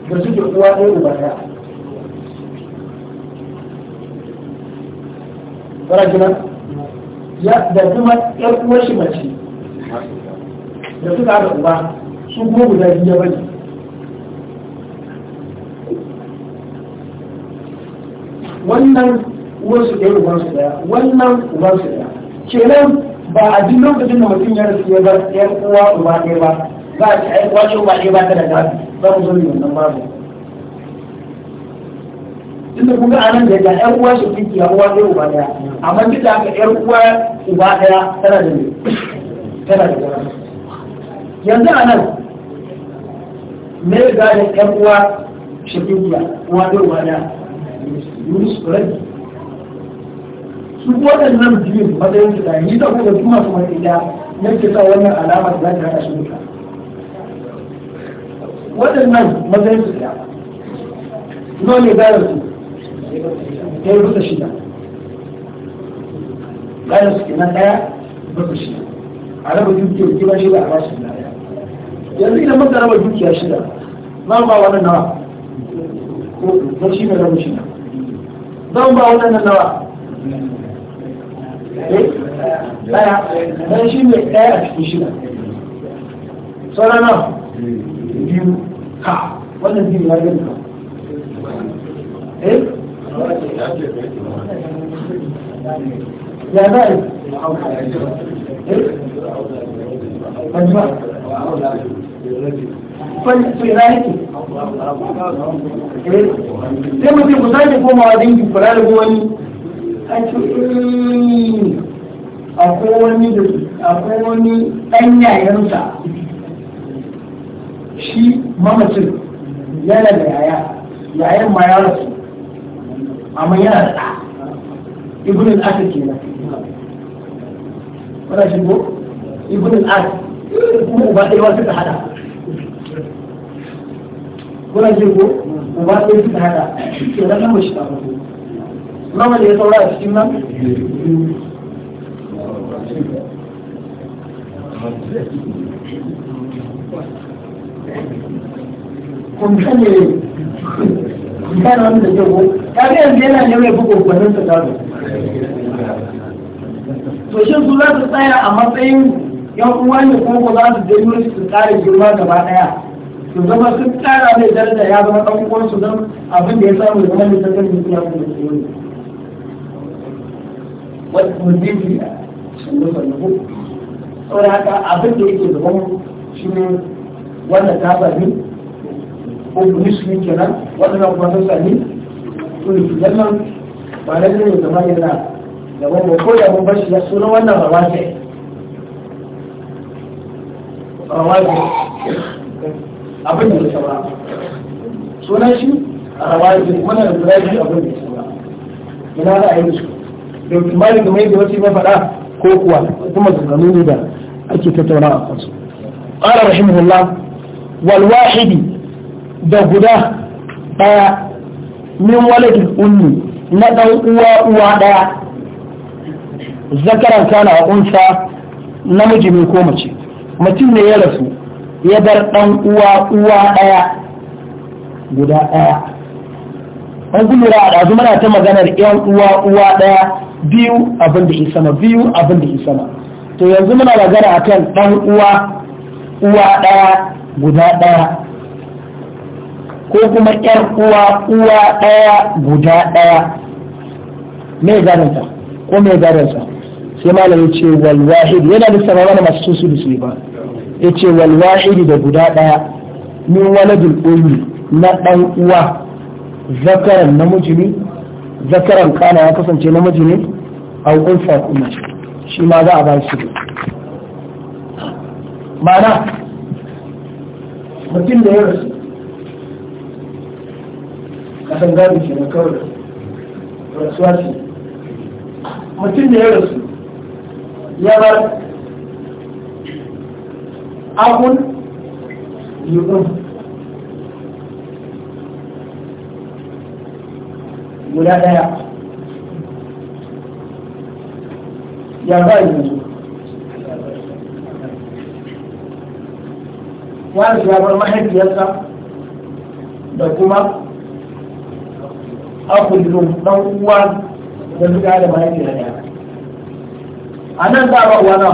da suke uwa ɗaya uba ɗaya farajinan ya da kuma yar uwar shi mace da suka haɗa uba su kuma guda biyu ya bari wannan uwar su ɗaya uban su ɗaya wannan uban su ɗaya kenan ba a duk lokacin da mutum ya rasu ya bar yan uwa uba ɗaya ba za a ci ai uwa ce uba ɗaya ba ta da gado za mu zo ne wannan babu tunda kun ga anan da ya yan uwa su ɗaya uwa ɗaya uba ɗaya amma duk da aka yar uwa uba daya tana da ne tana da gara yanzu a nan me ga da yar uwa shakiya uwa da uwa da yunus kurabi su waɗannan biyu matsayin su da yi da kuma su masu matsaya yake sa wannan alama da ta haɗa shi duka waɗannan matsayin su da ne gane su ya yi rusa shida ladan suke kenan ɗaya, ba su shida a raba dukiya. gida shida a bashi na daya yanzu idan muka raba dukiya shida za mu ba wannan nawa ko ba shi ne raba shida za mu ba wannan nawa eh, ɗaya. dan shi ne ɗaya a cikin shida sauran nan biyu ka wannan biyu ya gani ka eh ya za a yi majma to ina yake sai mutum ku sake komawa dangin kula da wani a cikin eh, akwai wani da akwai wani ɗan yayansa shi mamacin yana da yaya yayan ma ya rasu amma yana da ɗa يقول الاكل كلمه ولا شنو يقول الاكل مو باقي الواجب حدا ولا شنو مو باقي الواجب حدا كذا ما مش ما ما اللي يطلع يشتم كم كان يلي كان عنده جوه كان يلي أنا يلي بقول بنت تعرف to shin su za su tsaya a matsayin yan uwa ne ko ko za su janyo su ƙara girma gaba ɗaya su zama sun tsara mai daraja ya zama ɗan uwansu don abin da ya samu da zama mai tattalin mutum ya kuma su yi wani mutum ya sanu sanu ko saboda haka abin da yake gaban shi ne wanda ta sami ko kuma shi kenan wanda na kuma ta sami to su kenan ba na biyu da mai na da wanda ko da mun bashi ya suna wannan rawaje rawaje abin da ya ba suna shi rawaje wannan da rawaje abin da ya ba ina ra'ayin su da mai da mai da wasu faɗa ko kuwa kuma zanzanu ne da ake tattauna a kansu ƙara rahimahullah walwahidi da guda ɗaya min waladin unni. na ɗan uwa uwa ɗaya zakaran kana a unsa na mijimin ko mace mutum ne ya rasu ya bar ɗan uwa uwa ɗaya guda ɗaya an kuma a ɗazu mana ta maganar yan uwa uwa ɗaya biyu abin da sama, biyu abin da sama. to yanzu muna magana akan ɗan uwa uwa ɗaya guda ɗaya ko kuma ƴar uwa uwa ɗaya guda ɗaya me gadonta ko me sa sai malam ya ce wal wahid yana da sarawa masu tusu da su ba ya ce wal wahid da guda ɗaya min waladul ummi na ɗan uwa zakaran namiji ne zakaran kana ya kasance namiji ne a unfa kuma shi ma za a ba shi ma'ana mutum da ya rasu kasan gabi ke na kawai rasuwa ce mutum da ya rasu ya bar abun yi'un guda ɗaya ya ba yi yanzu ya bar mahaifiyarsa da kuma akullum dan uwa da suka da mahaifi na ɗaya a nan za ba uwa na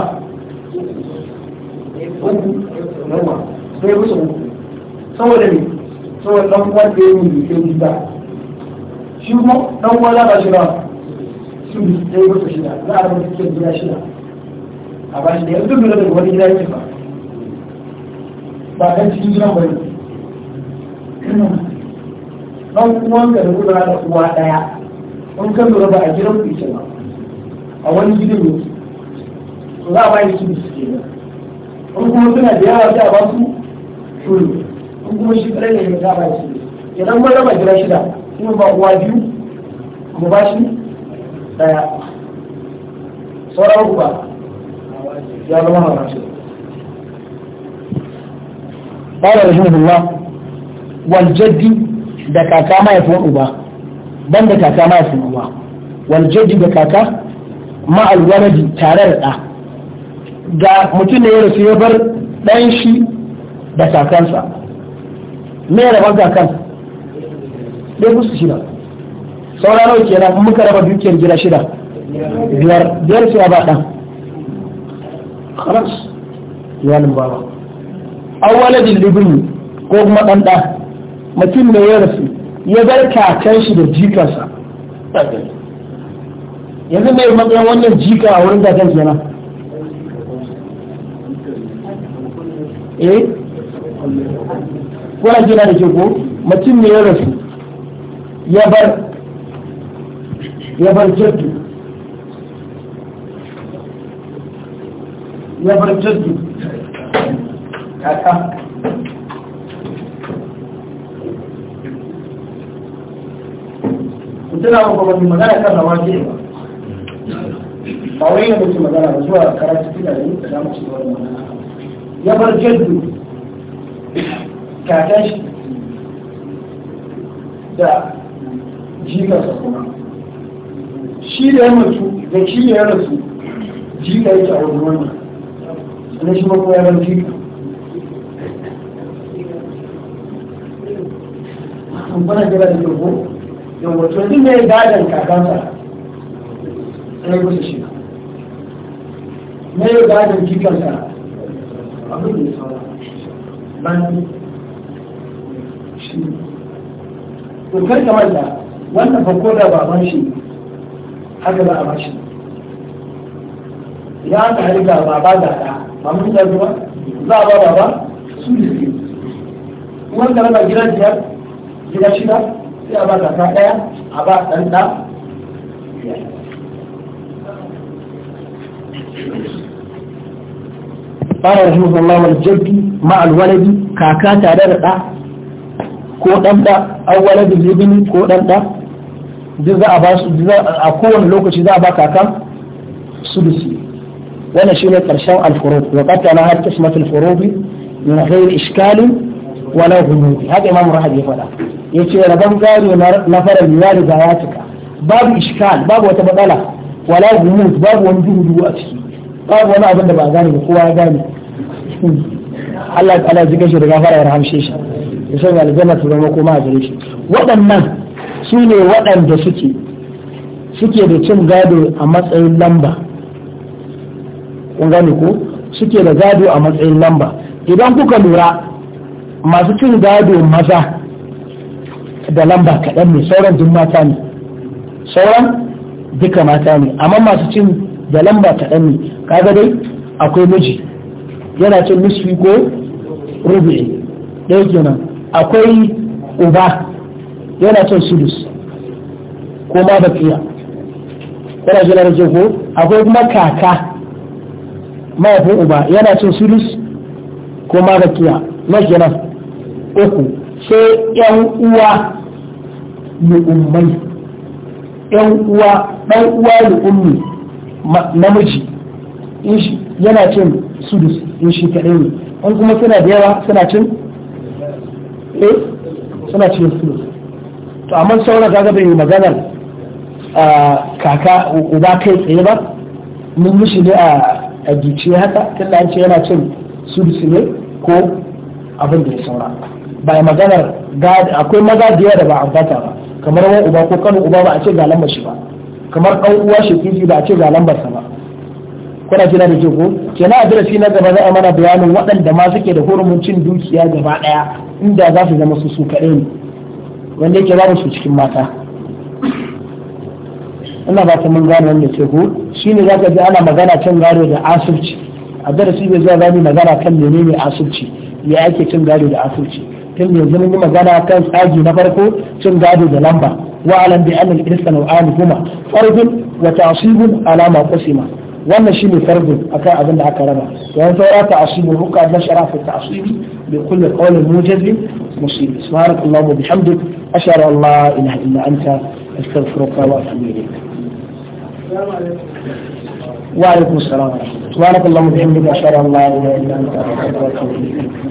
uku yawa sai musu uku saboda ne saboda dan uwa da ya yi ke gida shi kuma dan uwa za ba shi ba su bi sai shida za a rubuta cikin gida shida a ba shi wani gida ba cikin ne ɗan uwan ka da kuzura da uwa ɗaya in ka lura ba a gidan ku ba a wani gidan ne to za a ba shi su ke nan in kuma suna da yawa za a ba su shuru in kuma shi kare ne za a ba shi idan mun raba gida shida kuma ba uwa biyu mu ba shi ɗaya sauran ku ba ya zama haramci da رحمه الله والجد da kaka mahaifin uba ban da kaka mahaifin uba wal jaddi da kaka ma waladi tare da ɗa ga mutum ne ya rasu ya bar dan shi da kakansa me ya rabar kakan ɗaya musu shida saura nawa kenan muka raba dukiyar gida shida biyar biyar su ba ɗan khalas iyalin ba awwaladin libni ko kuma ɗan ɗan mutum ne ya rasu ya bar kakan shi da jikarsa yanzu mai matsayin wannan jika a wurin kakan kenan eh kuna jina da ke ko mutum ne ya rasu ya bar ya bar jirgi ya bar jirgi kaka mutuna ba ba magana kan rawa ke ba ba wai yana mutum magana ba zuwa karatu tuna da yin da mace da wani magana ya bar jaddu kakan shi da jikarsa kuma shi da ya mutu da shi da ya rasu jika yake a wani wannan na shi kuma ya bar jika kuma na jira da yau yawa to duk mai gadon kakansa sai kusa shi mai gadon jikansa abin da ya saura ban shi to kar ka manta wannan fa ko da ba baban shi haka za a bashi idan aka harga baba da ta, ba mun da zuwa za a ba baba su ne wanda raba gidan biyar gida shida sai a ba kaka ɗaya a ba ɗan ɗa ko ɗan ɗa an da zibini ko ɗan ɗa duk za a ba su a kowane lokaci za a ba kakan sulusi wannan shi ne ƙarshen alfurud wa qatala har ghairi iskalin wala hunuti haka imamu rahab ya faɗa ya ce rabon gado na fara ya riga ya cika babu ishkal babu wata matsala wala hunuti babu wani duhu duhu a ciki babu wani abin da ba a gane ba kowa ya gane Allah ta'ala zika shi da fara ya rahamshe shi ya sanya aljanna ta zama kuma a gare shi waɗannan su ne waɗanda suke suke da cin gado a matsayin lamba kun gane ko suke da gado a matsayin lamba idan kuka lura masu cin gado maza da lamba kaɗan ne sauran duk mata ne sauran duka mata ne amma masu cin da lamba kaɗan ne kaga dai akwai miji yana cin nisfi ko rubu'i ɗaya kenan akwai uba yana cin sudus ko ma bakiya Kuna jina da ko akwai kuma kaka mahaifin uba yana cin sudus ko ma bakiya na kenan uku sai yan uwa lu'ummai yan uwa dan uwa ummi namiji yana cin sudus in shi kadai ne an kuma suna da yawa suna cin eh suna cin su to amma sauran kaga bai maganar kaka uba kai tsaye ba mun mishi ne a gice haka tunda an ce yana cin su ne ko abin da ya saura ba maganar akwai magadiya da ba a ambata ba kamar wani uba ko kanu uba ba a ce ga lambar shi ba kamar ɗan uwa shi ba a ce ga lambar sa ba kuna jira da ke ko a darasi na gaba za a mana bayanin waɗanda ma suke da hurumin dukiya gaba ɗaya inda za su zama su su kaɗai ne wanda yake zama su cikin mata ina ba ta mun gane wanda ke ko ne za ka ji ana magana can gado da asirci a darasi bai zuwa zami magana kan menene asirci ya ake cin gado da asirci tun yanzu mun yi magana kan tsagi na farko cin gado da lamba wa'alan bi annal irsa nau'ani kuma fardun wa ta'sibun alama qasima wannan shine fardun akan abin da aka raba to yan saura ta'sibul hukka na sharafu ta'sibi bi kulli qawlin mujazim musib subhanakallahu wa bihamdik ashara allah la ilaha illa anta astaghfiruka wa atubu ilayk وعليكم السلام ورحمة الله وبركاته أشهد أن لا إله إلا أنت أستغفرك